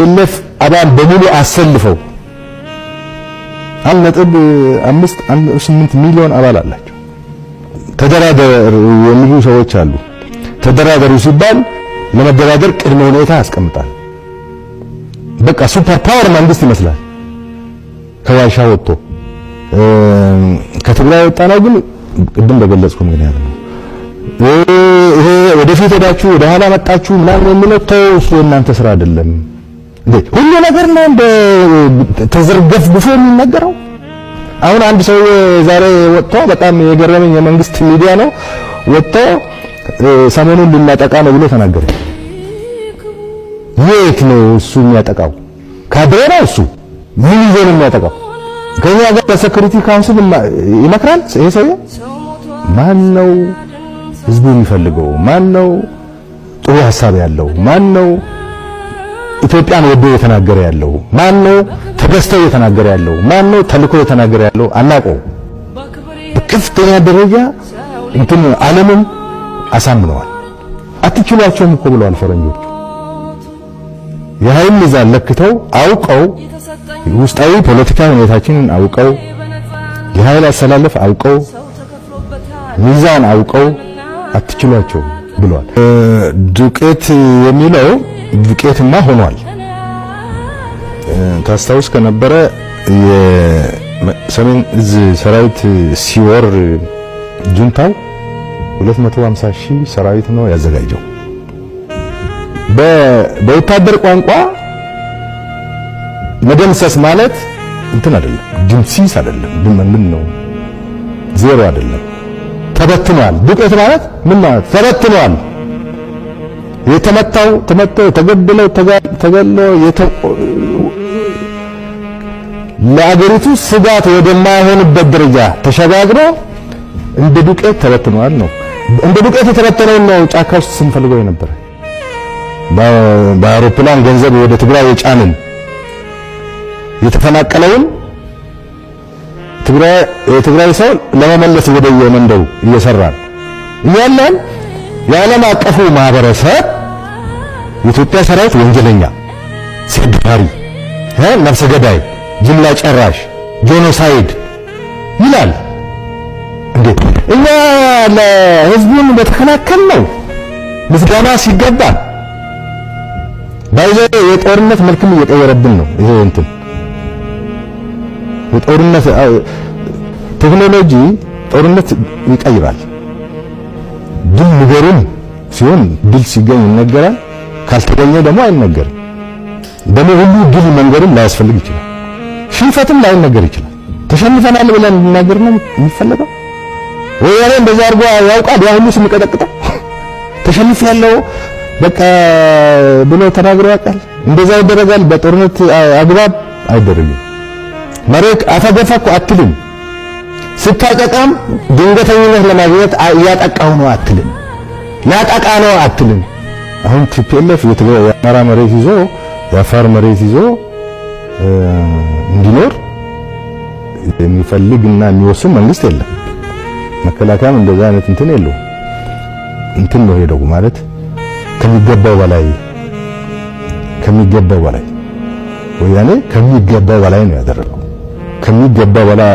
የቲፒኤልኤፍ አባል በሙሉ አሰልፈው አንድ ነጥብ አምስት አንድ ስምንት ሚሊዮን አባል አላቸው። ተደራደሩ የሚሉ ሰዎች አሉ። ተደራደሩ ሲባል ለመደራደር ቅድመ ሁኔታ ያስቀምጣል። በቃ ሱፐር ፓወር መንግስት ይመስላል። ከዋሻ ወጥቶ ከትግራይ ወጣ ነው። ግን ቅድም በገለጽኩ ምክንያት ነው። ይሄ ወደፊት ሄዳችሁ ወደ መጣችሁ ምናምን የሚለው ተው፣ እሱ የእናንተ ስራ አይደለም። ሁሉ ነገር ነው እንደ ተዘርገፍ ብፎ የሚነገረው። አሁን አንድ ሰው ዛሬ ወጥቶ በጣም የገረመኝ የመንግስት ሚዲያ ነው ወጥቶ ሰሞኑን ልናጠቃ ነው ብሎ ተናገረ። የት ነው እሱ የሚያጠቃው? ካድሬ ነው እሱ። ምን ይዞ ነው የሚያጠቃው? ከኛ ጋር በሴኩሪቲ ካውንስል ይመክራል። ይሄ ሰውዬ ማን ነው? ህዝቡ የሚፈልገው ማን ነው? ጥሩ ሀሳብ ያለው ማን ነው? ኢትዮጵያን ወዶ የተናገረ ያለው ማን ነው? ተገዝተው የተናገረ ያለው ማን ነው? ተልኮ የተናገረ ያለው አናውቀው። በከፍተኛ ደረጃ እንትን ዓለምን አሳምነዋል። አትችሏቸውም እኮ ብለዋል ፈረንጆቹ። የኃይል ሚዛን ለክተው አውቀው ውስጣዊ ፖለቲካ ሁኔታችንን አውቀው የኃይል አሰላለፍ አውቀው ሚዛን አውቀው አትችሏቸውም ብለዋል። ዱቄት የሚለው ዱቄትማ ሆኗል። ታስታውስ ከነበረ የሰሜን እዝ ሰራዊት ሲወር ጁንታው 250 ሺህ ሰራዊት ነው ያዘጋጀው። በወታደር ቋንቋ መደምሰስ ማለት እንትን አይደለም፣ ድምሲስ አይደለም፣ ምን ነው ዜሮ አይደለም። ተበትኗል። ዱቄት ማለት ምን ማለት ተበትኗል። የተመታው ተመቶ የተገደለው ተገለው ለአገሪቱ ስጋት ወደማይሆንበት ደረጃ ተሸጋግሮ እንደ ዱቄት ተበትኗል ነው። እንደ ዱቄት የተበተነውን ነው ጫካ ውስጥ ስንፈልገው የነበረ በአውሮፕላን ገንዘብ ወደ ትግራይ የጫንን የተፈናቀለውን የትግራይ ሰው ለመመለስ ወደ የመንደሩ እየሰራን እያለን የዓለም አቀፉ ማህበረሰብ የኢትዮጵያ ሰራዊት ወንጀለኛ፣ ሲዳሪ፣ ነፍሰ ገዳይ፣ ጅምላ ጨራሽ፣ ጆኖሳይድ ይላል። እንዴ እኛ ለህዝቡን በተከላከል ነው ምስጋና ሲገባ ባይዘ የጦርነት መልክም እየቀየረብን ነው። ይሄ እንትን የጦርነት ቴክኖሎጂ ጦርነት ይቀይራል። ድል ንገሩን ሲሆን ድል ሲገኝ ይነገራል። ካልተገኘ ደግሞ አይነገርም። ደግሞ ሁሉ ድል መንገድም ላያስፈልግ ይችላል። ሽንፈትም ላይነገር ይችላል። ተሸንፈናል ብለን እንናገር ነው የሚፈለገው? ወያኔ እንደዛ አድርጎ ያውቃል? ያ ሁሉ ስንቀጠቅጠው ተሸንፍ ያለው በቃ ብሎ ተናግሮ ያውቃል? እንደዛ ይደረጋል? በጦርነት አግባብ አይደረግም። መሬት አፈገፈኩ አትልም። ስታጠቃም ድንገተኝነት ለማግኘት እያጠቃው ነው አትልም። ላጠቃ ነው አትልም። አሁን ቲፒኤልኤፍ የትግራይ የአማራ መሬት ይዞ የአፋር መሬት ይዞ እንዲኖር የሚፈልግና የሚወስን መንግስት የለም። መከላከያም እንደዛ አይነት እንትን የለው እንትን ነው ሄደው ማለት ከሚገባው በላይ ከሚገባው በላይ ወያኔ ከሚገባው በላይ ነው ያደረገው። ከሚገባው በላይ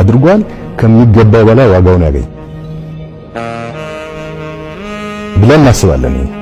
አድርጓል። ከሚገባው በላይ ዋጋውን ያገኝ ብለን እናስባለን።